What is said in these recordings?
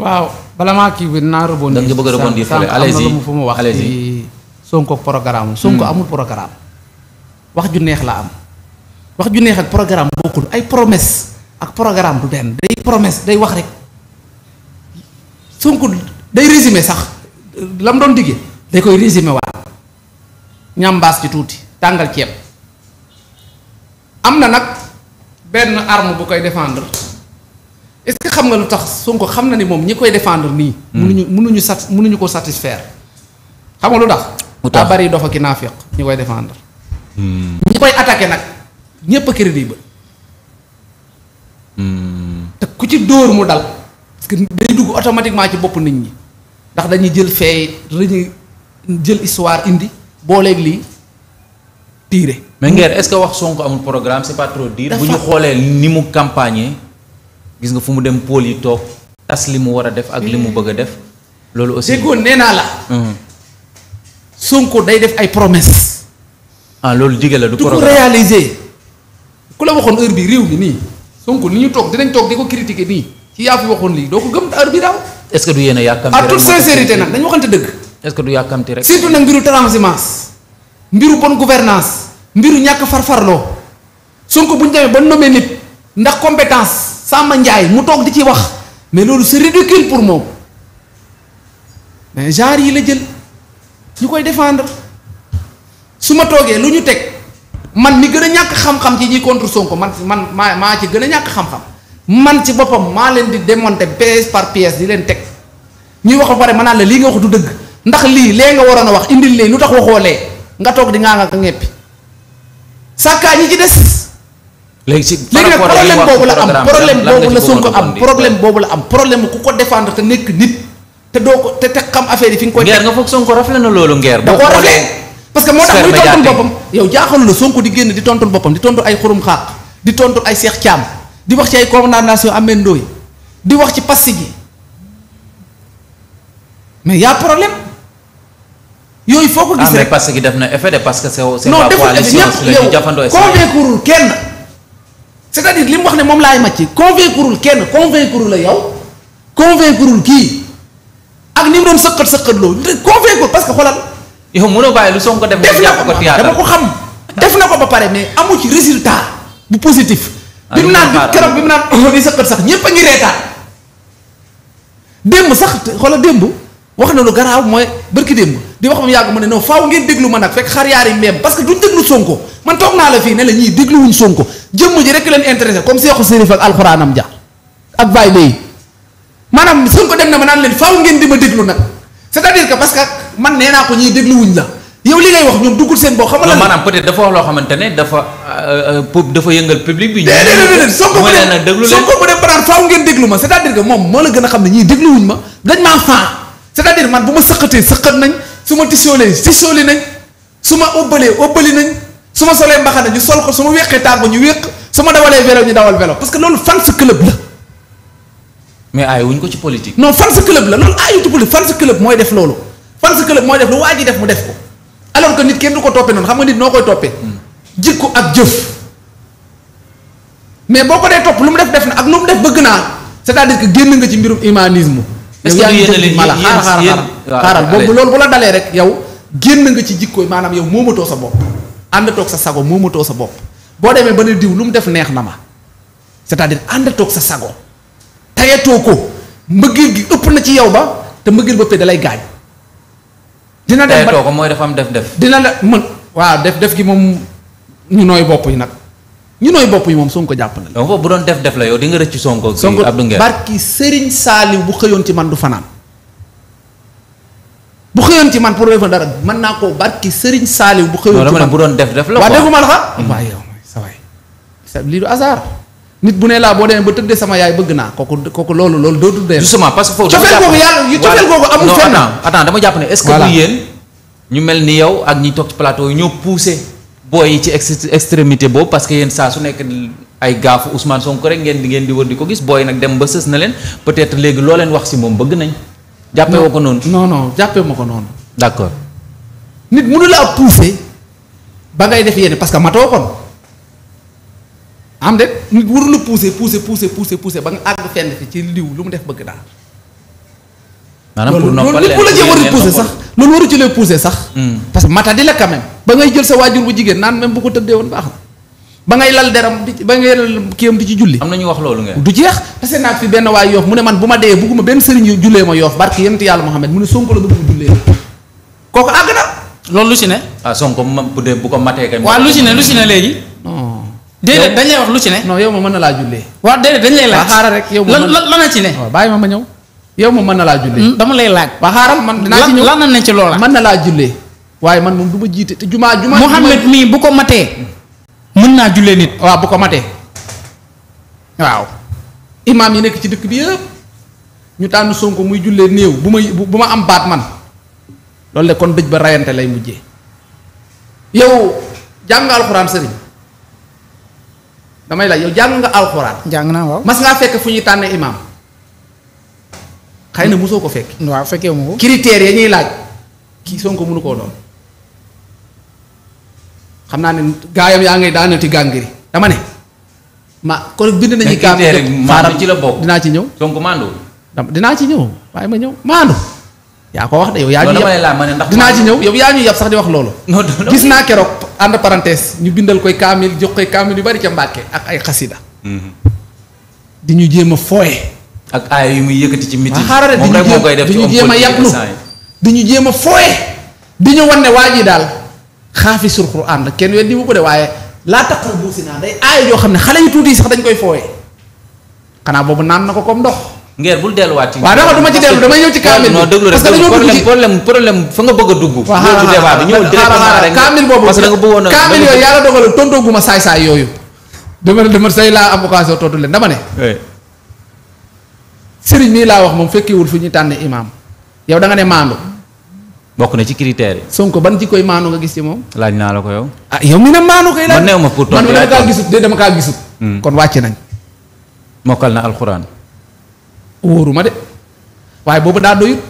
waaw bala maa kii bi naa rebondir. da nga bëgg a rebondir fële allez-y am na lu fu mu wax Sonko programme Sonko hmm. amul programme. wax ju neex la am. wax ju neex programme bokkul ay promesse ak programme du benn day promesse day wax rek Sonko day résumer sax lam doon diggee day koy résumer waat ñambaas ci tuuti tàngal ceeb am na nag benn arme bu koy défendre. est-ce que xam nga lu tax Sonko xam na ni moom ñi koy défendre nii. mënuñu mënuñu hmm. sat mënuñu ko satisfaire. xam nga lu tax. lu taa daa bari dofa ki naafiq ñi koy défendre. Hmm. ñi koy attaqué nag ñépp a crédible. Hmm. te ku ci dóor mu dal. parce que day dugg automatiquement ci bopp nit ñi. ndax dañuy jël fee dañuy jël histoire indi. booleeg lii tiire. mais Nguer est-ce que wax Sonko amul programme c'est pas trop bu ñu xoolee ni mu campagner. gis nga fu mu dem pôle yi toog tas li mu war a def ak li mu bëgg a def loolu aussi déggoo nee naa la Sonko day def ay promesse ah loolu dige la du programme du ko réaliser ku la waxoon heure bi réew mi nii Sonko ni ñu toog dinañ toog di ko critiquer nii ci yaa fi waxoon lii doo ko gëm heure bi daaw est du yéen a yàkkamti rek en toute sincérité nag dañ waxante dëgg est-ce que du yàkkamti rek surtout nag mbiru transhumance mbiru bonne gouvernance mbiru ñàkk farfarloo Sonko bu ñu demee ba nommé nit ndax compétence Samba Ndiaye mu toog di ci wax mais loolu c'est ridicule pour moom mais genre yi la jël ñu koy défendre su ma toogee lu ñu teg man ni gën a ñàkk xam-xam ci ñi contre Sonko man man maa maa ci gën a ñàkk xam man ci boppam maa leen di démonter pièce par pièce di leen teg ñuy wax ba pare ma naan la lii nga wax du dëgg ndax lii lee nga waroon a wax indil leen lu tax waxoo lee nga toog dingaa ngaa nga ñeppi sàkkaa ñi ci des. léegi si léegi nag problème boobu la am problème boobu la am problème boobu la am problème ko défendre te nekk nit te doo ko te te xam fi nga koy ngeer nga foog Sonko rafle na loolu ngeer que moo tax muy tontul boppam la Sonko di génn di tontul boppam di tontu ay xurum xaaq di tontu ay Cheikh Thiam di wax ci ay condamnation amee ndooy di wax ci pasti ji mais y a problème yooyu foo ko ah, gis rek parce que def na effet de parce que kenn c'est-à-dire li mu wax ne moom laay màcc convaincrewul kenn convaincrewul la yow convaincrewul kii ak ni mu doon sëqat sëqatloo convaincrewul parce que xoolal. yow mënoo bàyyi lu Sonko def. def na ko dama ko xam. def na ko ba pare mais amu ci résultat bu positif. Ah, bi mu naan bi keroog bi mu naan li sëqat sax ñëpp a ngi reetaan démb sax xoolal démb. wax na lu garaaw mooy bërki démb di wax mu ne non faaw ngeen déglu ma nag fekk xar que duñ déglu sonko man toog naa la fii ne la ñuy dégluwuñ sonko jëmm ji rek leen ma naan leen faaw ngeen di ma déglu nag cest parce que man nee naa ko ñuy dégluwuñ la li ngay wax ñoom duggul seen bopp xam nga maanaam peut loo xamante ne dafa euh, euh, ngeen déglu ma moom moo la gën a xam ne ñii dégluwuñ ma dañ maa faa cest à man bu ma sëqatee sëqat nañ su ma tisoolee tisoolee nañ su ma ëbbalee ëbbali nañ su ma solee mbaxana ñu sol ko su ma wéqee taar ko ñu wéq su ma dawalee vélo ñu dawal vélo parce que loolu fans club la. mais aay wuñ ko ci politique. non fans club la loolu ay ci politique fans club mooy def loolu fans club mooy def lu waa ji def mu def ko alors que nit kenn du ko toppee noonu xam nga nit noo koy toppee. Hmm. jikko ak jëf. mais boo ko dee topp lu mu def def na ak lu mu def bëgg naa c'est-à-dire génn nga ci mbirum humanisme. est-ce que yaa ngi ma la xaaral xaaral xaaral boobu loolu bu la dalee rek yow génn nga ci jikkooy maanaam yow moomatoo sa bopp àndatoog sa sago moomatoo sa bopp boo demee ba ne diw lu mu def neex na ma c'est-à-dire àndatoog sa sago tayatoo ko mbëggeel gi ëpp na ci yow ba te mbëggeel boppee dalay gaañ dina def ba ko mooy dafa am def def dina la mën waa def def gi moom ñu nooy bopp yi nag ñu nooy bopp yi moom ko jàpp na la. bu doon def def la yow di nga rëcc Sonko. Sonko barki Serigne Saliou bu xëyoon ci man du fanaan bu xëyoon ci man pour defal dara mën naa koo barki Serigne Saliou bu xëyoon ci man bu doon def def la waaw defuma la xa. Mm-hmm. waaw yow sa sa lii du hasard. nit bu ne laa boo demee ba tëddee sama yaay bëgg naa kooku kooku loolu loolu doo tuddee. justement parce que foofu dama jàpp cofeel googu yàlla cofeel googu amul fenn. non dama jàpp ne est-ce que. ñu mel ni yow ak ñi toog ci plateau yi ñoo poussé booy yi ci extrémité boobu parce que yéen saa su nekk ay gaafu Ousmane Sonko rek ngeen di ngeen di wër di ko gis booy nag dem ba sës na leen peut-être léegi loo leen wax si moom bëgg nañ. jàppee woo ko noonu non non jàppee ko noonu. d'accord. nit mënu laa pousser ba ngay def yenn parce que matoo kon am de nit warul la pousser pousser pousser pousser ba nga àgg fenn fi ci liw lu mu def bëgg daal. maanaam pour noppal leen loolu nit bu la cee warul sax loolu waru ci lay pousser sax. Hmm. parce que mata di la quand ba ngay jël sa waajur bu jigéen naan même bu ko tëddee woon baax na ba ngay lal deram di ba ngay lal kiyam di ci julli. am na ñu wax loolu nga. du jeex parce que fi benn waay yoof mu ne man bu ma dee bugguma benn sëriñ yu jullee ma yoof barke yonent yàlla Muhammad mu ne Sonko la bëgg mu jullee kooku àgg na. loolu lu si ne. ah Sonko bu dee bu ko matee kay. waaw lu ci ne lu ci ne léegi. non déedéet dañ lay wax lu ci ne. non yow ma mën na laa jullee. waaw déedéet dañ lay laaj. waaw xaaral yow ma lan lan la ci ne. waaw bàyyi ma yow ma mën na laa jullee. dama lay laaj. waaw xaaral man dinaa ci ñëw lan lan na ci lool mën na laa jullee waaye man moom du ma jiite te jumaa jumaa Mouhamed nii bu ko matee mun naa jullee nit waaw bu ko matee waaw imaam yi nekk ci dëkk bi yëpp ñu tànn Sonko muy jullee néew bu may bu ma am baat man loolu de kon dëj ba rayante lay mujjee yow jàng nga alxuraan sëriñ damay laaj yow jàng nga alxuraan. jàng naa waaw mas ngaa fekk fu ñuy tànn imaam xëy na mosoo ko fekk. waaw fekkee mu ko. ya ñuy laaj ki sonk mënu koo doon. xam naa ne gaayam yaa ngay daanati gàngiri dama ne ma kon bind nañu gaa xaaral ci la bokk dinaa ci ñëw Sonko maandu dinaa ci ñëw waaye ma ñëw maandu yaa ko wax de yow yaa ñu yab dinaa ci ñëw yow yaa ñu yab sax di wax loolu gis naa keroog entre parenthèse ñu bindal koy kaamil jox koy kaamil yu bari ca Mbàkke ak ay xasida mhm. di ñu jéem a fooye ak ay yu muy yëkkati ci mitin xaaral di ñu jéem a yablu di ñu jéem a fooye di ñu wan ne waa ji daal xaafisul Qur'aan la kenn weddi wu ko de waaye laa taqal buusi naa day aaya yoo xam ne xale yu tuuti sax dañ koy fooye xanaa boobu naan na ko comme ndox. ngeer bul delluwaat ci. waaw dama duma ci dellu damay ñëw ci kaamil. non déglu rek problème problème problème fa nga bëgg a dugg. waaw xaaral boobu a kaamil yooyu yàlla dogal tontoo gu ma saay saay yooyu. dama ne dama say laa am occasion tontu leen dama ne. sëriñ nii laa wax moom fekkiwul fu ñuy tànn imaam yow danga ne maandu bokk na ci critères yi. Sonko ban jikkoy maanu nga gis ci moom. laaj naa la ko yow. ah yow mi na maanu kay. laaj man néew ma pour tontu kaa gisut de dama kaa gisut. Hmm. kon wàcc nañ. mokkal na alxuraan. wóoru ma waaye boobu daa doyut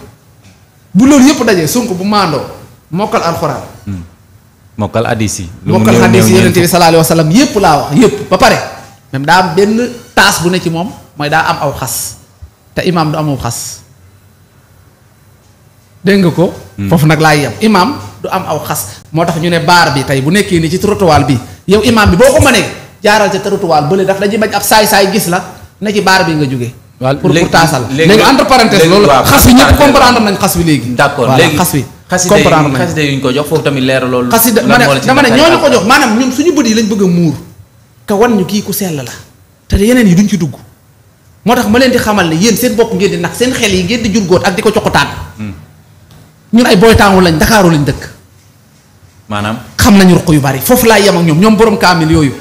bu loolu yëpp bu maandoo mokkal alxuraan. Hmm. mokkal hadis yi. lu mu néew mokkal hadis yi yonent bi sallallahu alayhi wa sallam yëpp laa wax yëpp ba pare même daa am benn taas bu ne ci moom mooy daa am aw xas te imaam du amoo xas. dégg nga ko. Hmm. foofu nag laay yem imaam du am aw xas. moo tax ñu ne baar bi tey bu nekkee ni ci trottoir bi yow imaam bi boo ko mënee jaaral ca trottoir bële daf dañuy bañ ab saay-saay gis la ne ci baar bi nga jóge waaw pour pour taasal léegi entre parenthèse loolu xas bi ñëpp comprendre nañ xas bi léegi. d'accord léegi xas bi. comprendre nañ xasida yu ñu ma ne dama ne ñooñu ko jox maanaam suñu bët yi lañ bëgg a muur. te wan ñu kii ku sell la te yeneen yi duñ ci dugg moo tax ma leen di xamal ne yéen seen bopp ngeen di nax seen xel yi ngeen di jurgóot di ko coxotaan hmm. ñun ay boy taamu lañ Ndakaaru lañ dëkk. maanaam. xam nañu ruq yu bari foofu laay yem ak ñoom ñoom borom kaamil yooyu.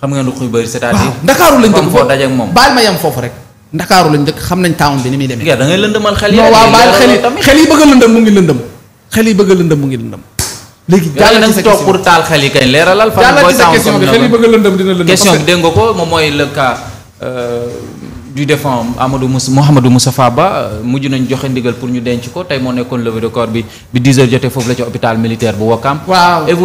xam nga ruq yu bari c'est-à-dire. Ndakaaru lañ dëkk foofu dajeeg moom baal ma yem foofu rek. Ndakaaru lañ dëkk xam nañ taamu bi ni muy demee. da ngay lëndëmal xel yi. waaw baal xel yi xel bëgg a lëndëm mu ngi lëndëm. xel yi bëgg lëndëm mu ngi lëndëm. léegi jàll ci sa question pour taal xel yi kañ leeralal. fan booy taamu la jàll ci bi xel yi bëgg a lëndëm dina lëndëm. question bi dégg ko moom mooy du défunt Amadou Moussa Mouhamadou Moustapha Ba euh, mujj nañ joxe ndigal pour ñu denc ko tey moo nekkoon levée de corps bi bi jotee foofu la ci hôpital militaire bu Ouakam. waaw